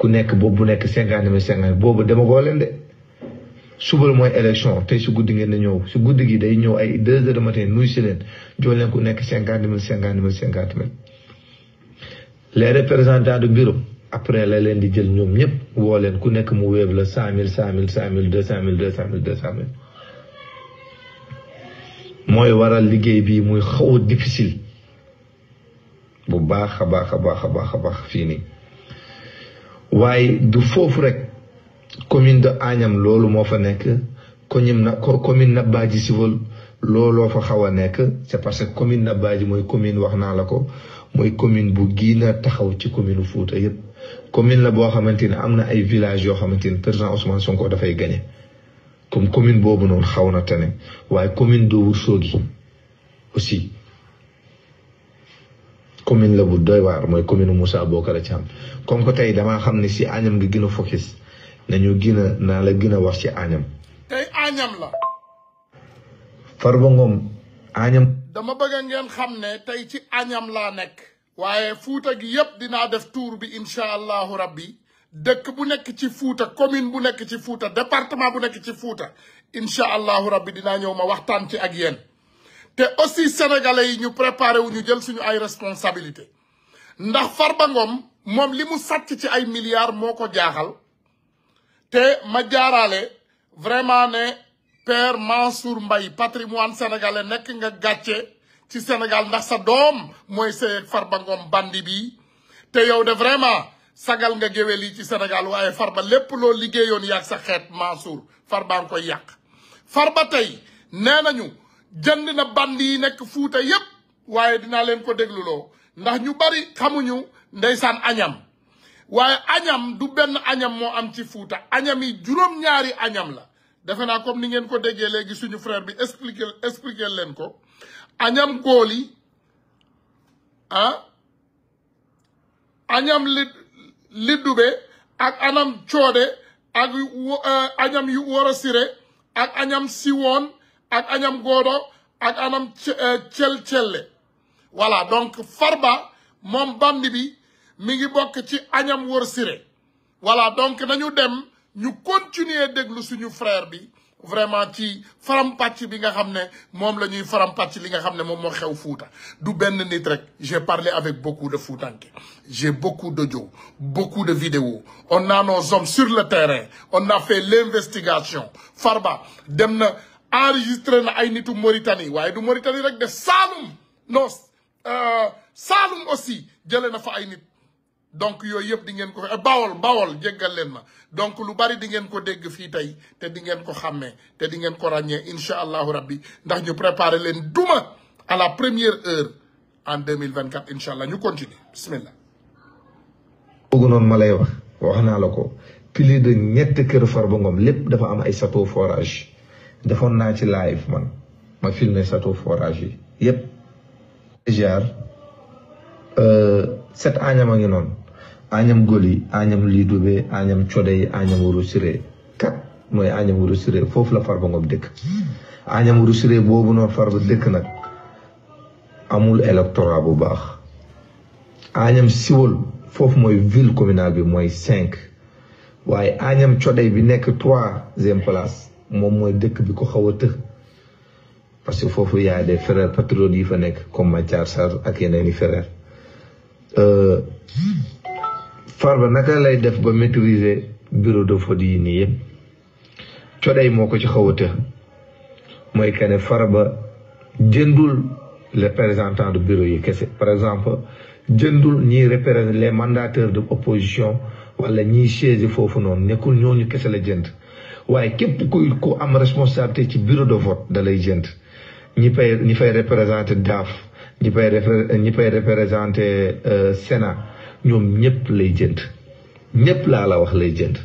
ku nekk boobu bu nekk cinquante mille cinquante boobu dama koo leen de suba la mooy élection tey su guddi ngeen di ñëw si guddi gi day ñëw ay deux heures de matin nuyu si leen jox leen ku nekk cinquante mille cinquante mille cinquante mille les représentants du bureau après la leen di jël ñoom ñëpp woo leen ku nekk mu wéeb la cent mille cent mille cent mille deux cent mille deux cent waral liggéey bi muy xaw a difficile bu baax a baax a baax a baax a baax fii nii waaye du foofu rek commune de Agnam loolu moo fa nekk commune na commune si Badji Civol looloo fa xaw a nekk c'est parce que commune na Badji mooy commune wax naa la ko mooy commune bu gën taxaw ci commune Fouta yépp commune la boo xamante ne am na ay villages yoo xamante ne président Ousmane Sonko dafay gañe comme commune boobu noonu xaw na tane waaye commune Dóobu Soogi aussi commune la bu doy waar mooy commune Moussa Bocara Thiam comme que tey damaa xam ne si Agnam nga gën a focus nañu gën a naa la gën a wax ci Agnam. tey Agnam la. Farba Ngom Agnam. dama bëgg ngeen xam ne tey ci añam laa nekk. waaye Fuuta gi yépp dinaa def tour bi incha allahu rabbi dëkk bu nekk ci Fuuta commune bu nekk ci Fuuta département bu nekk ci Fuuta incha allahu rabbi dinaa ñëw ma waxtaan ci ak yéen. te aussi sénégalais yi ñu préparé wu ñu jël suñu ay responsabilité ndax Farba moom li mu sàcc ci ay milliards moo ko jaaxal te ma jaaraale vraiment ne père Mansour Mbaye patrimoine sénégalais nekk nga gàcce ci Sénégal ndax sa doom mooy sëyeeg Farba Ngom bandi bi te yow de vraiment sagal nga géwél yi ci Sénégal waaye Farba lépp loo liggéeyoon yàgg sa xeet Mansour Farba nga koy yàq Farba tey nee nañu jënd na band yi nekk fuuta yépp waaye dinaa leen ko dégluloo ndax ñu bari xamuñu ndeysaan añam waaye añam du benn añam moo am ci fuuta añami yi juróom-ñaari añam la defe naa comme ni ngeen ko déggee léegi suñu frère bi expliqué expliqué leen ko añam góoli ah añam li liddube ak anam coode ak eh, añam yu war a sire ak añam si woon ak añam goodo ak anam euh, cel celle voilà donc farba moom bandi bi mi ngi bokk ci añam wër sire voilà donc nañu dem ñu continuer déglu suñu frère bi vraiment ci faram-pàcc bi nga xam ne moom la ñuy faram-pàcc li nga xam ne moom moo xew Fouta du benn nit rek j'ai parlé avec beaucoup de Foutanké j'ai beaucoup d'audio beaucoup de vidéos on a nos hommes sur le terrain on a fait l'investigation Farba dem na enregistré na ay nitu Mauritanie waaye du Mauritanie rek de Saalum non euh, Saalum aussi jëlee na fa ay nit donc yooyu yëpp di ngeen ko euh, bawol bawol jéggal leen ma donc lu bari di ngeen ko dégg fii tey te di ngeen ko xàmmee te di ngeen ko ràññee incha allahu rabbi ndax ñu préparer leen duma à la première heure en 2024 incha allah ñu continuer bismillah boogu noonu ma lay wax wax naa la ko plus de ñett kër Farba Ngom lépp dafa am ay château forage defoon naa ci live man ma filmer château forage yi yëpp jaar euh, set añam a ngi noonu añam gol yi añam lii dubee añam code yi añam wuru kat mooy añam wuru foofu la Farba Ngom dëkk añam wuru siree boobu noonu Farba dëkk nag amul électorat bu baax añam siwol foofu mooy ville communale bi mooy cinq waaye añam code bi nekk troisième place moom mooy dëkk bi ko xaw a të parce que foofu y a des frères patriotes yi fa nekk comme Mathiar Sarr ak yeneen i frères euh, ba naka lay def ba maîtriser bureau de vote yi nii yëpp codey moo ko ci xaw a të mooy que ne Farba jëndul les représentants de bureau yi kese par exemple jëndul ñiy représenté les mandateurs de opposition wala ñiy siège foofu noonu nekkul ñooñu kese la jënd waaye képp kuy ku am responsabilité ci bureau de vote da lay jënd ñi fay ñi fay représenté DAF ñi fay ñi fay représenté euh, Sénat ñoom ñëpp lay jënd ñëpp laa la wax lay jënd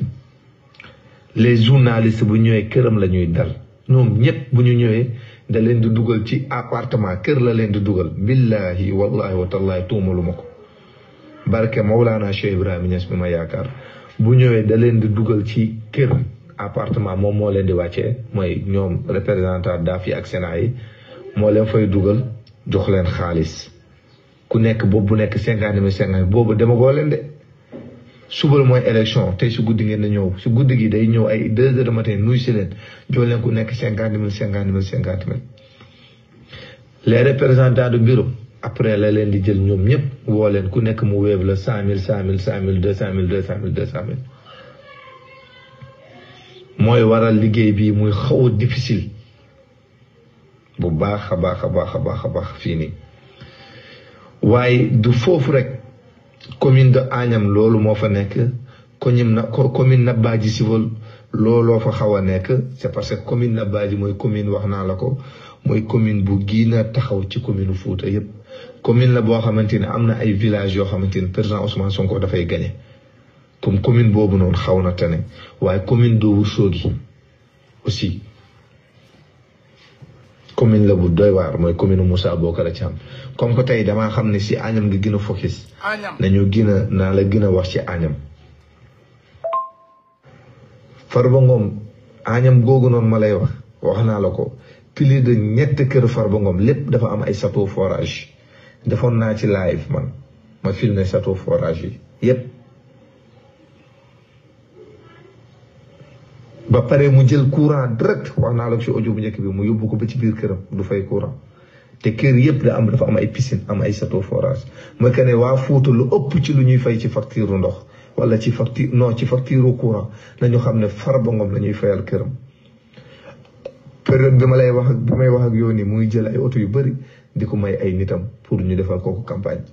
les journalistes bu ñëwee këram lañuy dal ñoom ñëpp bu ñu ñëwee da leen di dugal ci appartement kër la leen di dugal billahi wallahi wa tallahi tuumalu ma ko barke Mawlaana Cheikh Ibrahima Niass bi ma yaakaar bu ñëwee da leen di dugal ci kër appartement moom moo leen di wàccee mooy ñoom représentant daaf yi ak sena yi moo leen fay dugal jox leen xaalis ku nekk boobu bu nekk cinquante mille cinquante boobu demagoo leen de suba mooy élection tey guddi ngeen ñëw guddi gi day ñëw ay de matin nuyu si leen jox ku nekk cinquante mille cinquante mille cinquante mille les représentants du bureau après la leen di jël ñoom ñëpp woo leen ku nekk mu wéev la cent mille cent mille cent mille deux cent mooy waral liggéey bi muy xaw a difficile bu baax a baax a baax a baax a baax fii nii waaye du foofu rek commune de Agnam loolu moo fa nekk commune na commune si Civol looloo fa xaw a nekk c'est parce que commune Nabadji mooy commune wax naa la ko mooy commune bu giina taxaw ci commune Fouta yëpp commune la boo xamante ne am na ay village yoo xamante ne président Ousmane Sonko dafay gañe comme commune boobu noonu xaw na tane waaye commune de Ourossogui aussi commune la bu doy waar mooy commune Moussa Bokar Thiam comme que tey damaa xam ne si Agnam nga gën a focus. nañu gën a naa la gën a wax ci Agnam. far Ngom Agnam googu noonu ma lay wax wax naa la ko plus de ñett kër Farba Ngom lépp dafa am ay château forage defoon naa ci live man ma filmé château forage yi ba pare mu jël courant direct wax naa la ci audio bu njëkk bi mu yóbbu ko ba ci biir këram du fay courant te kër yëpp da am dafa am ay piscine am ay sato forage mooy que waa Fuuta lu ëpp ci lu ñuy fay ci facture ndox wala ci facture non ci facture courant nañu xam ne Farba Ngom la ñuy fayal këram période bi ma lay wax ak bi may wax ak yow nii muy jël ay oto yu bari di ko may ay nitam pour ñu defal kooku campagne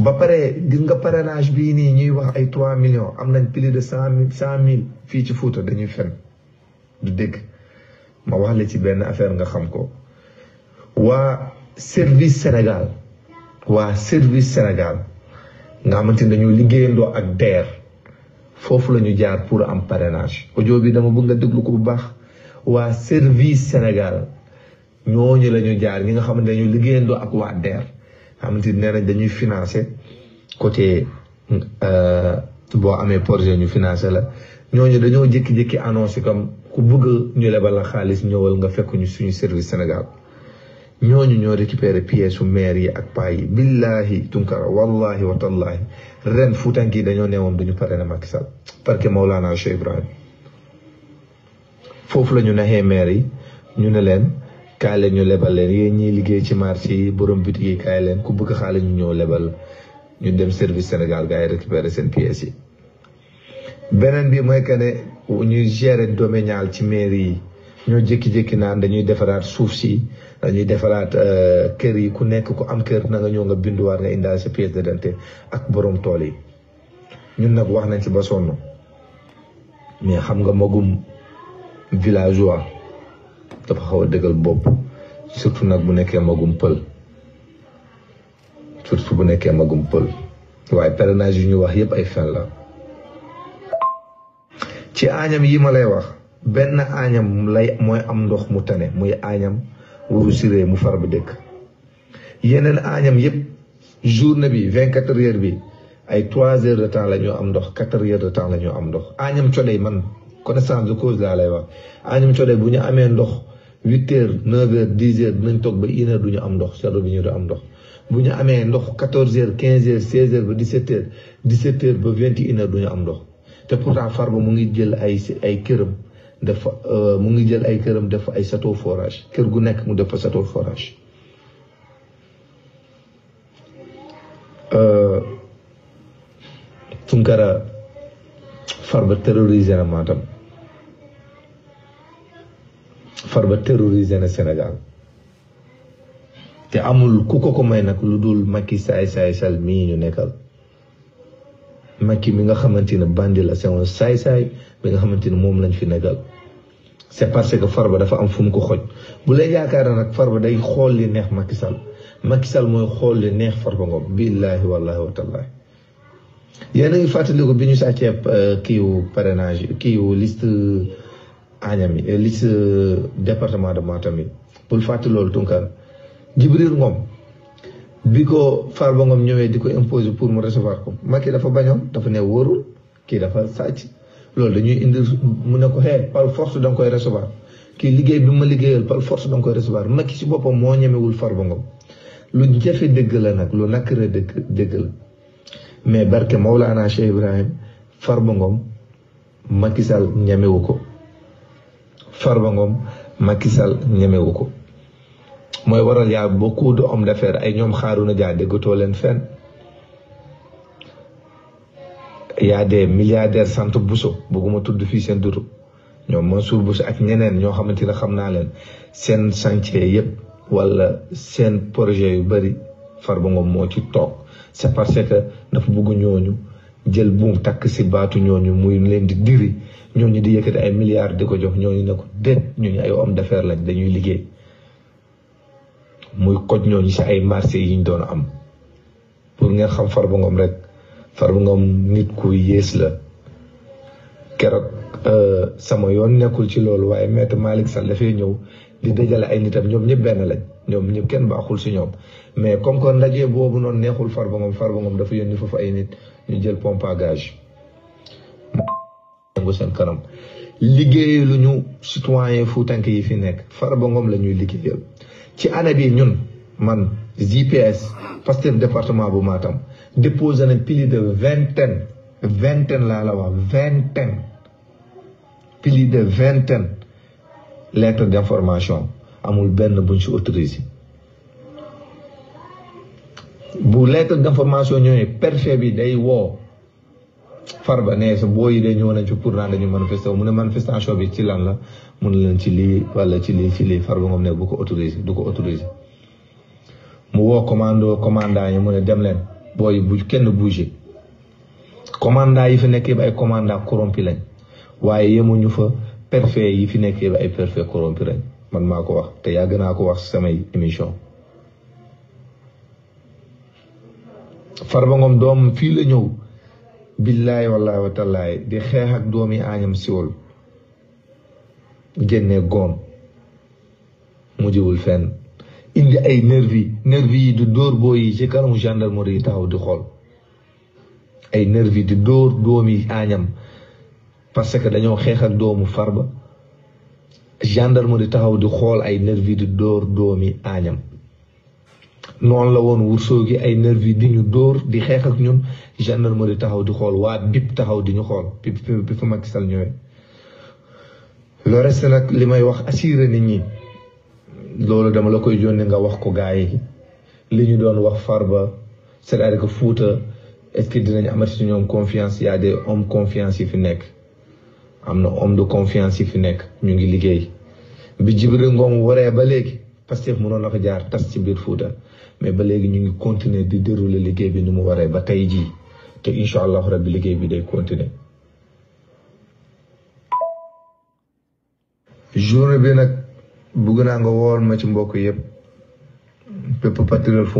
ba pare gis nga parrainage bii nii ñuy wax ay trois millions am nañ plus de cent mille cent mille fii ci Fuuta dañuy fen du dégg ma wax la ci benn affaire nga xam ko waa service Sénégal waa service senegal nga xamante ni dañoo liggéeyandoo ak DER foofu la ñu jaar pour am parrainage audio bi dama bëgg nga ko bu baax waa service Sénégal ñooñu la ñu jaar ñi nga xamante ne liggéeyandoo ak waa xamante ni nee nañ dañuy financer côté euh, boo amee projet ñu financer la ñooñu dañoo jékki-jékki annoncé comme ku bëgg ñu lebal la xaalis ñëwal nga fekk ñu suñu service Sénégal ñooñu ñoo récupéré pièce su maire yi ak paa yi billahi tunkara wallahi wa tallahi ren fuutank yi dañoo neewoon dañu pare na Macky Sall parce que Maulana Cheikh Ibrahim foofu la ñu naxee maire yi ñu ne leen kaay leen ñu lebal leen yéen ñiy liggéey ci marché yi borom bitig yi kaay leen ku bëgg xaalis ñu ñëw lebal ñu dem service Sénégal gars yi récupérer seen pièces yi. beneen bi mooy que ne ñuy gérer domanial ci mairie yi ñoo jékki-jékki naan dañuy defaraat suuf si dañuy defaraat euh, kër yi ku nekk ku am kër na ñëw nga binduwaat nga indaal sa pièce d'identité ak boroom tool yi ñun nag wax nañ ci ba sonn mais xam nga magum villageois. dafa xaw a dëggal bopp surtout nag bu nekkee magum pël surtout bu nekkee magum pël waaye parrainage yu ñuy wax yëpp ay fen la ci aañam yi ma lay wax benn aañam lay mooy am ndox mu tane muy aañam wuru sirée mu far bi dëkk yeneen aañam yépp journée bi vingt quatre heures bi ay trois heures de temps la ñu am ndox quatre heures de temps la ñu am ndox aañam codey man connaissance de cause laa lay wax aañam codey bu ñu amee ndox huit heures neuf heures dix heures dinañ toog ba une heure du ñu am ndox château bi ñu du am ndox bu ñu amee ndox quatorze heures quinze heures seize heures ba dix sept heures dix sept heures une heures du ñu am ndox te pourtant Farba mu ngi jël ay ay këram dafa euh, mu ngi jël ay këram def ay château forage kër gu nekk mu def fa château forage. Euh, Tunkara Farba terrorisé na Matam. far ba terrorisé na Sénégal te amul ku ko ko may nag lu dul Macky saay saay sal mii ñu nekkal makki mi nga xamante ne bandi la c'est un saay saay bi nga xamante ne moom lañ fi nekkal c'est parce que Farba dafa am fu mu ko xoj bu lay yaakaar nag far Farba day xool li neex Macky Sall Macky Sall mooy xool li neex Farba Ngom billaahi wallaahi wa taalaahi yéen a ngi fàttaliku bi ñu sàccee euh, kiiwu parrainage kiiwu liste Agnam yi li ci département de Matam yi bul fàtte loolu Tunkar Jibril moom bi ko Farba Ngom ñëwee di ko imposer pour mu recevoir ko Macky dafa bañoon dafa ne wóorul kii dafa sàcc loolu dañuy indi mu ne ko xee par force da koy recevoir kii liggéey bi ma liggéeyal par force da koy recevoir makki si boppam moo ñemewul far Ngom lu jafe dëgg la nag lu nakkara dëgg dëgg la mais barke Mawlana Cheikh Ibrahim Farba Ngom Macky Sall ko Farba Ngom Macky Sall ñemewu ko mooy waral yaa beaucoup de hommes d'affaires ay ñoom xaaru na Dia déggatoo leen fenn yaa des milliardaires sant buso bëgguma tudd fii seen dutu ñoom Mansour Bousso ak ñeneen ñoo xamante ne xam naa leen seen chantier yëpp wala seen projet yu bëri Farba moo ci toog c'est parce que dafa bëgg ñooñu jël buum takk si baatu ñooñu muy leen di diri ñooñu di yëkkati ay milliards di ko jox ñooñu ne ko déet ñooñu ay hommes d'affaires lañ dañuy liggéey muy koj ñooñu si ay marché yi ñu doon am pour ngeen xam Farba Ngom rek Farba Ngom nit ku yées la keroog euh, sama yoon nekkul ci loolu waaye maître Malick Sall dafay ñëw di dajale ay nitam ñoom ñëpp benn lañ ñoom ñëpp kenn baaxul si ñoom mais comme que ndaje boobu noonu neexul Farba Ngom Farba Ngom dafa yónni foofu ay nit ñu jël pompe à gage seen kanam liggéey lu ñu citoyen Fuutanke yi fi nekk Farba Ngom la ñuy liggéeyal ci année bi ñun man GPS Pastef département bu maatam déposé nañ plus de vingtaine vingtaine laa la wax vingtaine plus de vingtaine lettre d'information amul benn buñ si autorisé bu lettre d'information ñëwee préfet bi day woo Farba ne sa boo yi de ñëw nañ fi pour naan dañu manifester mu ne manifestation bi ci lan la mun leen ci lii wala ci lii ci lii Farba moom ne bu ko autorisé du ko autorisé mu woo commando commandant yi mu ne dem leen booy bu kenn bougé commandant yi fi nekk yëpp ay commandant corrompu lañ waaye yemuñu fa parfait yi fi nekk yëpp ay parfait corrompu man maa ko wax te yàgg naa ko wax samay émission Farba Ngom doom fii la ñëw billaay wallaay wa di xeex doomi aañam siwol génne goom mujjewul fenn indi ay nervi nervi yi di dóor boo yi ci kanamu gendarmerie yi taxaw di xool ay nervi di dóor doomi aañam parce que dañoo xeex ak doomu Farba gendarme di taxaw di xool ay nervi di dóor doomi aañam noonu la woon wursoo gi ay nervi di ñu dóor di xeex ak ñun gendarme di taxaw di xool waa bip taxaw di ñu xool bi bi fa Macky Sall ñëwee le reste nag li may wax assuré nit ñi loolu dama la koy yónnee nga wax ko gars yi li ñu doon wax far ba à dire que Fouta est-ce que dinañ amati ci ñoom confiance y a des hommes confiance yi fi nekk am na homme de confiance yi fi nekk ñu ngi liggéey bi Jibril Ngom waree ba léegi Pastef mënoon na fa jaar tas ci biir Fuuta mais ba léegi ñu ngi continuer di dérouler liggéey bi ni mu waree ba tey jii te incha allahu rabbi liggéey bi day continuer journée bi nag bugg naa nga wool ma ci mbokk yëpp bépp patriote